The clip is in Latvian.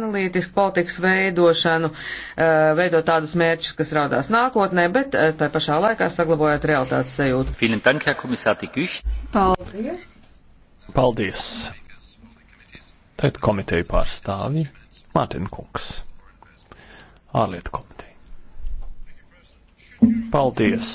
analītisku politikas veidošanu, eh, veidot tādus mērķus, kas raudās nākotnē, bet eh, tā pašā laikā saglabājot realitātes sajūtu. Paldies! Paldies! Tad komiteju pārstāvi Mārtiņa Kungs, ārlietu komiteja. Paldies!